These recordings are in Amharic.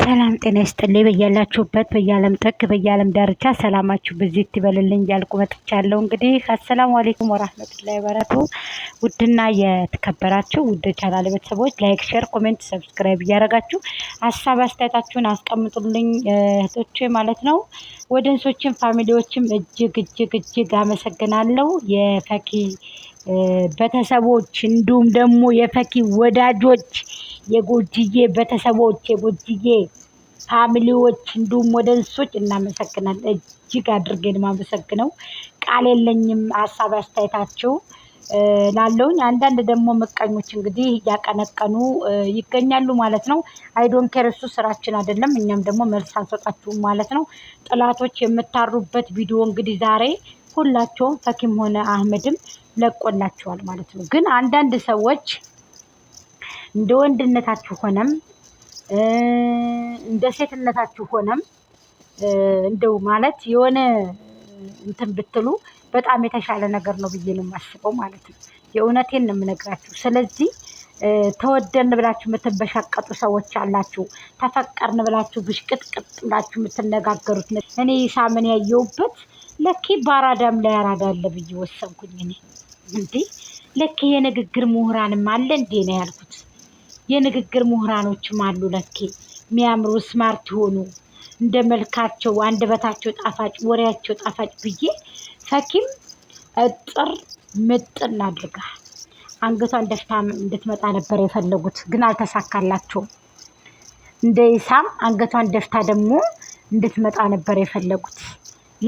ሰላም ጤና ይስጥልኝ። በያላችሁበት በየዓለም ጥግ በየዓለም ዳርቻ ሰላማችሁ በዚህ ትበልልኝ እያልኩ መጥቻለሁ። እንግዲህ አሰላሙ አሌይኩም ወራህመቱላሂ ወበረቱ። ውድና የተከበራችሁ ውድ ቻናል ቤተሰቦች ላይክ፣ ሼር፣ ኮሜንት፣ ሰብስክራይብ እያደረጋችሁ ሀሳብ አስተያየታችሁን አስቀምጡልኝ እህቶቼ ማለት ነው። ወደንሶችን ፋሚሊዎችም እጅግ እጅግ እጅግ አመሰግናለሁ የፈኪ ቤተሰቦች እንዲሁም ደግሞ የፈኪ ወዳጆች የጎጅዬ ቤተሰቦች የጎጅዬ ፋሚሊዎች እንዲሁም ወደ እንሶች እናመሰግናለን። እጅግ አድርገን ማመሰግነው ቃል የለኝም። ሀሳብ አስተያየታቸው ላለውኝ አንዳንድ ደግሞ ምቀኞች እንግዲህ እያቀነቀኑ ይገኛሉ ማለት ነው። አይዶን ኬር እሱ ስራችን አይደለም። እኛም ደግሞ መልስ አንሰጣችሁም ማለት ነው። ጥላቶች የምታሩበት ቪዲዮ እንግዲህ ዛሬ ሁላቸውም ፈኪም ሆነ አህመድም ለቆላቸዋል ማለት ነው። ግን አንዳንድ ሰዎች እንደ ወንድነታችሁ ሆነም እንደ ሴትነታችሁ ሆነም እንደው ማለት የሆነ እንትን ብትሉ በጣም የተሻለ ነገር ነው ብዬ ነው የማስበው ማለት ነው። የእውነቴን ነው የምነግራችሁ። ስለዚህ ተወደን ብላችሁ የምትበሻቀጡ ሰዎች አላችሁ። ተፈቀርን ብላችሁ ብሽቅጥቅጥ ብላችሁ የምትነጋገሩት እኔ ሳምን ያየውበት ለኬ በአራዳም ላይ አራዳ አለ ብዬ ወሰንኩኝ። እኔ እንዲህ ለኬ የንግግር ምሁራንም አለ እንዴ ነው ያልኩት። የንግግር ምሁራኖችም አሉ ለኬ የሚያምሩ ስማርት የሆኑ እንደ መልካቸው አንደበታቸው ጣፋጭ ወሬያቸው ጣፋጭ ብዬ ፈኪም እጥር ምጥን አድርጋ አንገቷን ደፍታ እንድትመጣ ነበር የፈለጉት፣ ግን አልተሳካላቸውም። እንደ ኢሳም አንገቷን ደፍታ ደግሞ እንድትመጣ ነበር የፈለጉት።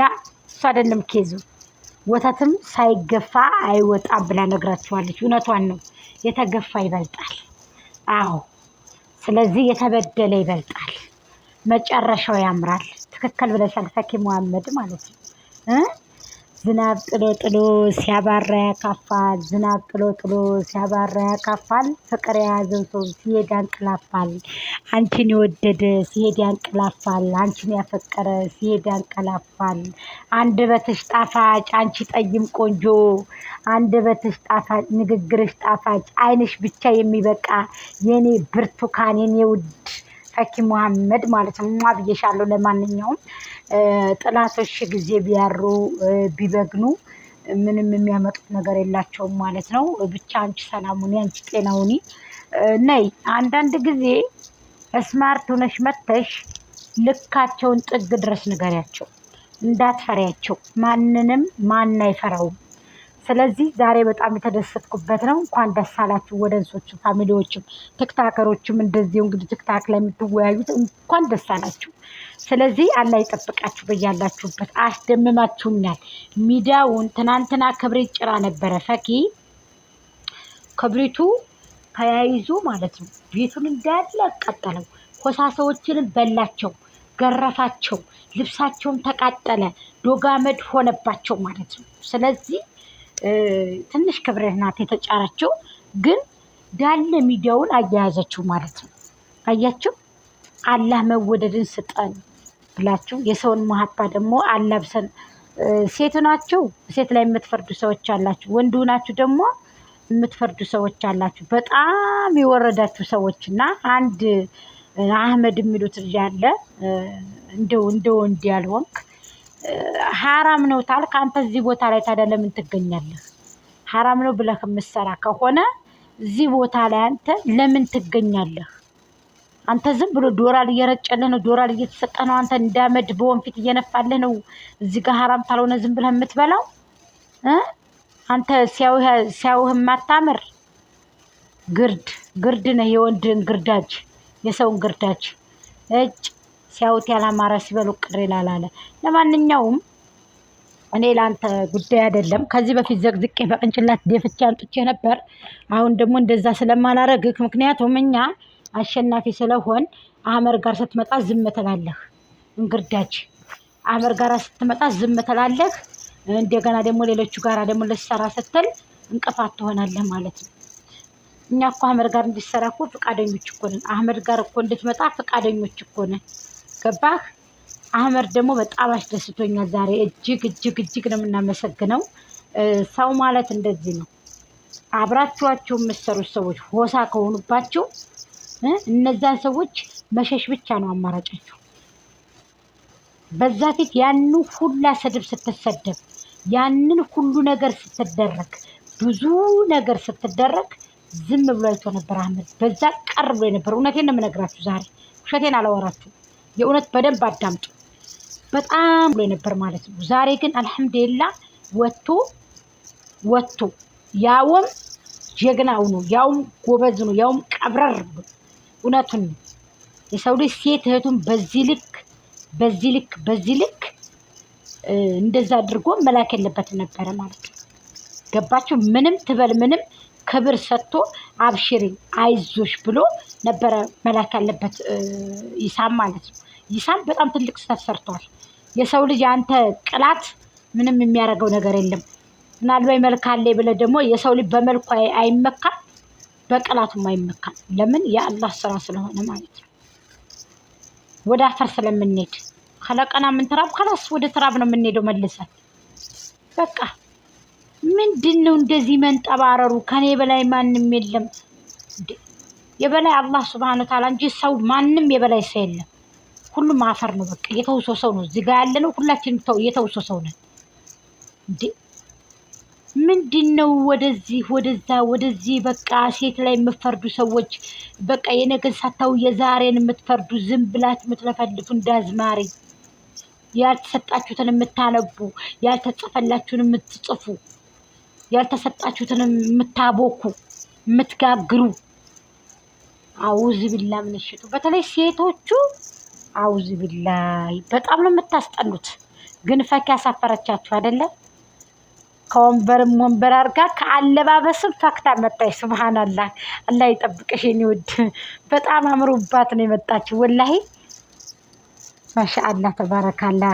ላ እሱ አይደለም ኬዙ ወተትም ሳይገፋ አይወጣም ብላ ነግራቸዋለች። እውነቷን ነው፣ የተገፋ ይበልጣል። አዎ። ስለዚህ የተበደለ ይበልጣል፣ መጨረሻው ያምራል። ትክክል ብለሻል፣ ፈኪ መሐመድ ማለት ነው። ዝናብ ጥሎ ጥሎ ሲያባራ ያካፋል። ዝናብ ጥሎ ጥሎ ሲያባራ ያካፋል። ፍቅር የያዘው ሰው ሲሄድ ያንቀላፋል። አንቺን የወደደ ሲሄድ ያንቀላፋል። አንቺን ያፈቀረ ሲሄድ ያንቀላፋል። አንድ በትሽ ጣፋጭ አንቺ ጠይም ቆንጆ፣ አንድ በትሽ ጣፋጭ ንግግርሽ ጣፋጭ፣ ዓይንሽ ብቻ የሚበቃ የኔ ብርቱካን የኔ ውድ ፈኪ መሐመድ ማለት ነው። ሟ ብዬሻለሁ። ለማንኛውም ጥላቶች ጊዜ ቢያሩ ቢበግኑ ምንም የሚያመጡት ነገር የላቸውም ማለት ነው። ብቻ አንቺ ሰላሙኒ፣ አንቺ ጤናውኒ ነይ። አንዳንድ ጊዜ ስማርት ሆነሽ መተሽ ልካቸውን ጥግ ድረስ ንገሪያቸው፣ እንዳትፈሪያቸው። ማንንም ማን አይፈራውም። ስለዚህ ዛሬ በጣም የተደሰትኩበት ነው። እንኳን ደስ አላችሁ ወደ እንሶችም ፋሚሊዎችም ትክታከሮችም እንደዚሁ እንግዲህ ትክታክ ላይ የምትወያዩት እንኳን ደስ አላችሁ። ስለዚህ አላህ ይጠብቃችሁ በያላችሁበት። አስደምማችሁኛል። ሚዲያውን ትናንትና ክብሪት ጭራ ነበረ ፈኪ ክብሪቱ ተያይዞ ማለት ነው ቤቱን እንዳለ ቀጠለው፣ ኮሳሳዎችንም በላቸው፣ ገረፋቸው፣ ልብሳቸውም ተቃጠለ፣ ዶጋመድ ሆነባቸው ማለት ነው። ስለዚህ ትንሽ ክብርህ ናት የተጫረችው፣ ግን ዳለ ሚዲያውን አያያዘችው ማለት ነው። አያችሁ አላህ መወደድን ስጠን ብላችሁ የሰውን መሀባ ደግሞ አላብሰን። ሴት ናችሁ ሴት ላይ የምትፈርዱ ሰዎች አላችሁ፣ ወንዱ ናችሁ ደግሞ የምትፈርዱ ሰዎች አላችሁ። በጣም የወረዳችሁ ሰዎች እና አንድ አህመድ የሚሉት ልጅ አለ እንደው እንደ ወንድ ያልሆንክ ሀራም ነው ታልክ አንተ እዚህ ቦታ ላይ ታዲያ ለምን ትገኛለህ? ሀራም ነው ብለህ የምትሰራ ከሆነ እዚህ ቦታ ላይ አንተ ለምን ትገኛለህ? አንተ ዝም ብሎ ዶራል እየረጨልህ ነው፣ ዶራል እየተሰጠ ነው። አንተ እንዳመድ በወንፊት እየነፋልህ ነው። እዚህ ጋር ሀራም ታልሆነ ዝም ብለህ የምትበላው አንተ ሲያውህ የማታምር ግርድ ግርድ ነህ፣ የወንድን ግርዳጅ፣ የሰውን ግርዳጅ እጭ ሲያዩት ያላማረ ሲበሉ ቅር ይላል አለ። ለማንኛውም እኔ ለአንተ ጉዳይ አይደለም። ከዚህ በፊት ዘቅዝቄ በቅንጭላት ደፍቼ አንጥቼ ነበር። አሁን ደግሞ እንደዛ ስለማላረግህ ምክንያቱም እኛ አሸናፊ ስለሆን አህመር ጋር ስትመጣ ዝም ትላለህ። እንግርዳች አህመር ጋር ስትመጣ ዝም ትላለህ። እንደገና ደግሞ ሌሎቹ ጋር ደግሞ ልትሰራ ስትል እንቅፋት ትሆናለህ ማለት ነው። እኛ እኮ አህመድ ጋር እንድትሰራ እኮ ፈቃደኞች እኮ ነን። አህመድ ጋር እኮ እንድትመጣ ፈቃደኞች እኮ ነን። ስላስገባህ አህመድ ደግሞ በጣም አስደስቶኛል ዛሬ። እጅግ እጅግ እጅግ ነው የምናመሰግነው። ሰው ማለት እንደዚህ ነው። አብራችኋቸው የምትሰሩት ሰዎች ሆሳ ከሆኑባቸው እነዛን ሰዎች መሸሽ ብቻ ነው አማራጫቸው። በዛ ፊት ያን ሁላ ስድብ ስትሰደብ፣ ያንን ሁሉ ነገር ስትደረግ፣ ብዙ ነገር ስትደረግ ዝም ብሎ አይቶ ነበር አህመድ። በዛ ቀር ብሎ የነበር እውነቴን ነው የምነግራችሁ ዛሬ፣ ውሸቴን አላወራችሁ የእውነት በደንብ አዳምጡ። በጣም ብሎ ነበር ማለት ነው። ዛሬ ግን አልሐምዱሊላ ወጥቶ ወጥቶ ያውም ጀግናው ነው፣ ያውም ጎበዝ ነው፣ ያውም ቀብረር እውነቱን ነው። የሰው ልጅ ሴት እህቱን በዚህ ልክ በዚህ ልክ በዚህ ልክ እንደዛ አድርጎ መላክ የለበትም ነበረ ማለት ነው። ገባችሁ? ምንም ትበል ምንም ክብር ሰጥቶ አብሽሪ አይዞሽ ብሎ ነበረ መላክ ያለበት ይሳም ማለት ነው። ይሳም በጣም ትልቅ ስህተት ሰርቷል። የሰው ልጅ አንተ ቅላት ምንም የሚያደርገው ነገር የለም። ምናልባት መልካሌ ብለ ደግሞ የሰው ልጅ በመልኩ አይመካም፣ በቅላቱም አይመካም። ለምን የአላህ ስራ ስለሆነ ማለት ነው። ወደ አፈር ስለምንሄድ ከለቀና ምንትራብ ከላስ ወደ ትራብ ነው የምንሄደው መልሰን በቃ ምንድን ነው እንደዚህ መንጠባረሩ? ከኔ በላይ ማንም የለም። የበላይ አላህ ስብሃነ ወተዓላ እንጂ ሰው ማንም የበላይ ሰው የለም። ሁሉም አፈር ነው። በቃ የተውሶ ሰው ነው። እዚጋ ያለ ነው። ሁላችንም የተውሶ ሰው ነን። ምንድን ነው ወደዚህ ወደዛ ወደዚህ በቃ ሴት ላይ የምትፈርዱ ሰዎች በቃ የነገን ሳታው የዛሬን የምትፈርዱ ዝም ብላት የምትለፈልፉ እንዳዝማሪ ያልተሰጣችሁትን የምታነቡ ያልተጸፈላችሁን የምትጽፉ ያልተሰጣችሁትን የምታቦኩ የምትጋግሩ አውዝ ብላ ምንሽጡ በተለይ ሴቶቹ አውዝ ቢላ በጣም ነው የምታስጠሉት። ግን ፈኪ ያሳፈረቻችሁ አይደለም። ከወንበርም ወንበር አድርጋ ከአለባበስም ፈክታ መጣች። ስብሃናላ አላ ይጠብቅሽ የኔ ውድ። በጣም አምሮባት ነው የመጣችው። ወላሂ ማሻአላ ተባረካላ።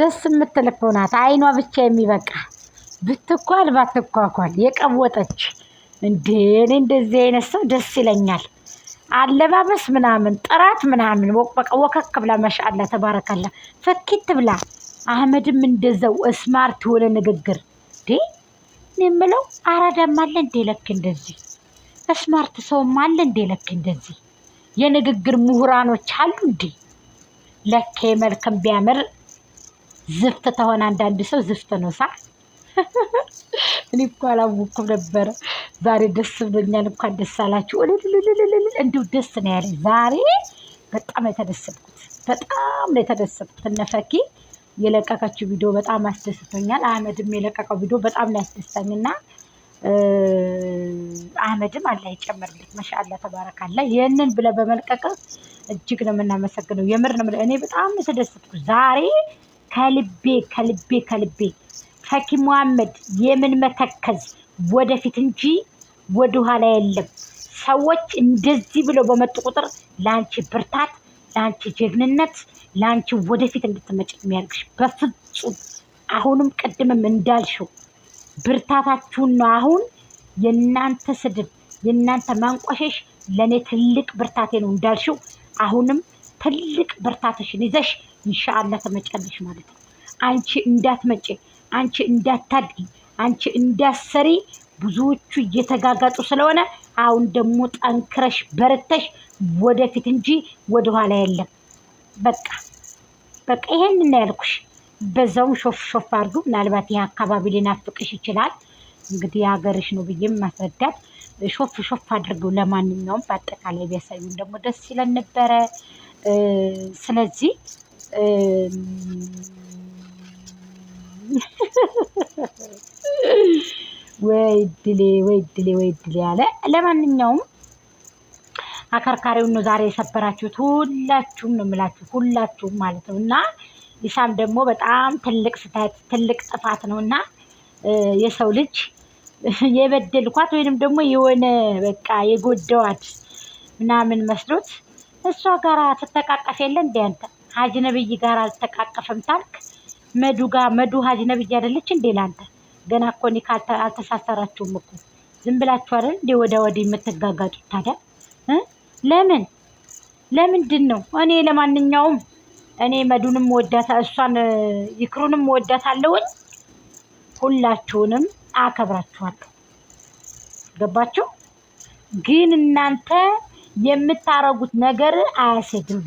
ደስ የምትልክ ሆናት አይኗ ብቻ የሚበቃ ብትኳል ባትኳኳል የቀወጠች እንዴን እንደዚህ አይነት ሰው ደስ ይለኛል። አለባበስ ምናምን ጥራት ምናምን በቃ ወከክ ብላ መሻአላ ተባረካላ ፈኪት ብላ። አህመድም እንደዛው ስማርት የሆነ ንግግር እንዴ! የምለው አራዳም አለ እንዴ ለክ እንደዚህ ስማርት ሰውም አለ እንዴ ለክ እንደዚህ የንግግር ምሁራኖች አሉ እንዴ ለኬ መልክም ቢያምር ዝፍት ተሆነ አንዳንድ ሰው ዝፍት ነው ሳ እኔ እኮ አላወኩም ነበረ። ዛሬ ደስ ብሎኛል። እንኳን ደስ አላችሁ። እንዲሁ ደስ ነው ያለኝ ዛሬ። በጣም ነው የተደሰትኩት። በጣም ነው የተደሰትኩት። እነፈኪ የለቀቀችው ቪዲዮ በጣም አስደስቶኛል። አህመድም የለቀቀው ቪዲዮ በጣም ነው ያስደስታኝ እና አህመድም አላህ ይጨመርልህ። መሻአላ ተባረካላ። ይህንን ብለህ በመልቀቅ እጅግ ነው የምናመሰግነው። የምር ነው እኔ በጣም የተደሰትኩት ዛሬ ከልቤ ከልቤ ከልቤ ፈኪ መሐመድ የምን መተከዝ ወደፊት እንጂ ወደኋላ የለም። ሰዎች እንደዚህ ብለው በመጡ ቁጥር ለአንቺ ብርታት፣ ለአንቺ ጀግንነት፣ ለአንቺ ወደፊት እንድትመጭ የሚያደርግሽ በፍጹም አሁንም ቅድምም እንዳልሽው ብርታታችሁን ነው። አሁን የእናንተ ስድብ፣ የእናንተ ማንቋሸሽ ለእኔ ትልቅ ብርታቴ ነው እንዳልሽው አሁንም ትልቅ ብርታትሽን ይዘሽ እንሻአላ ተመጫለሽ ማለት ነው። አንቺ እንዳትመጪ አንቺ እንዳታድጊ፣ አንቺ እንዳሰሪ ብዙዎቹ እየተጋጋጡ ስለሆነ አሁን ደግሞ ጠንክረሽ በርተሽ ወደፊት እንጂ ወደኋላ የለም። በቃ በቃ ይሄን እና ያልኩሽ በዛውም ሾፍ ሾፍ አድርጉ። ምናልባት ይህ አካባቢ ሊናፍቅሽ ይችላል። እንግዲህ የሀገርሽ ነው ብዬም ማስረዳት ሾፍ ሾፍ አድርገው። ለማንኛውም በአጠቃላይ ቢያሳዩን ደግሞ ደስ ይለን ነበረ። ስለዚህ ወይ ድሌ ወይ ድሌ ወይ ድሌ አለ። ለማንኛውም አከርካሪውን ነው ዛሬ የሰበራችሁት። ሁላችሁም ነው የምላችሁ፣ ሁላችሁም ማለት ነው። እና ደግሞ በጣም ትልቅ ስህተት ትልቅ ጥፋት ነው እና የሰው ልጅ የበደልኳት ወይንም ደግሞ የሆነ በቃ የጎደዋት ምናምን መስሎት እሷ ጋር ትተቃቀፍ የለ እንደ አንተ ሀጅ ጋር አልተቃቀፍም ታልክ መዱጋ መዱ ሀጅ ነብይ አይደለች እንዴ? ላንተ ገና እኮ እኔ አልተሳሰራችሁም እኮ ዝም ብላችሁ አይደል እንዴ ወደ ወዲህ የምትጋጋጡት? ታዲያ ለምን ለምንድን ነው? እኔ ለማንኛውም እኔ መዱንም ወዳታ እሷን ይክሩንም ወዳታለሁኝ። ሁላችሁንም አከብራችኋለሁ። ገባችሁ? ግን እናንተ የምታረጉት ነገር አያስድም።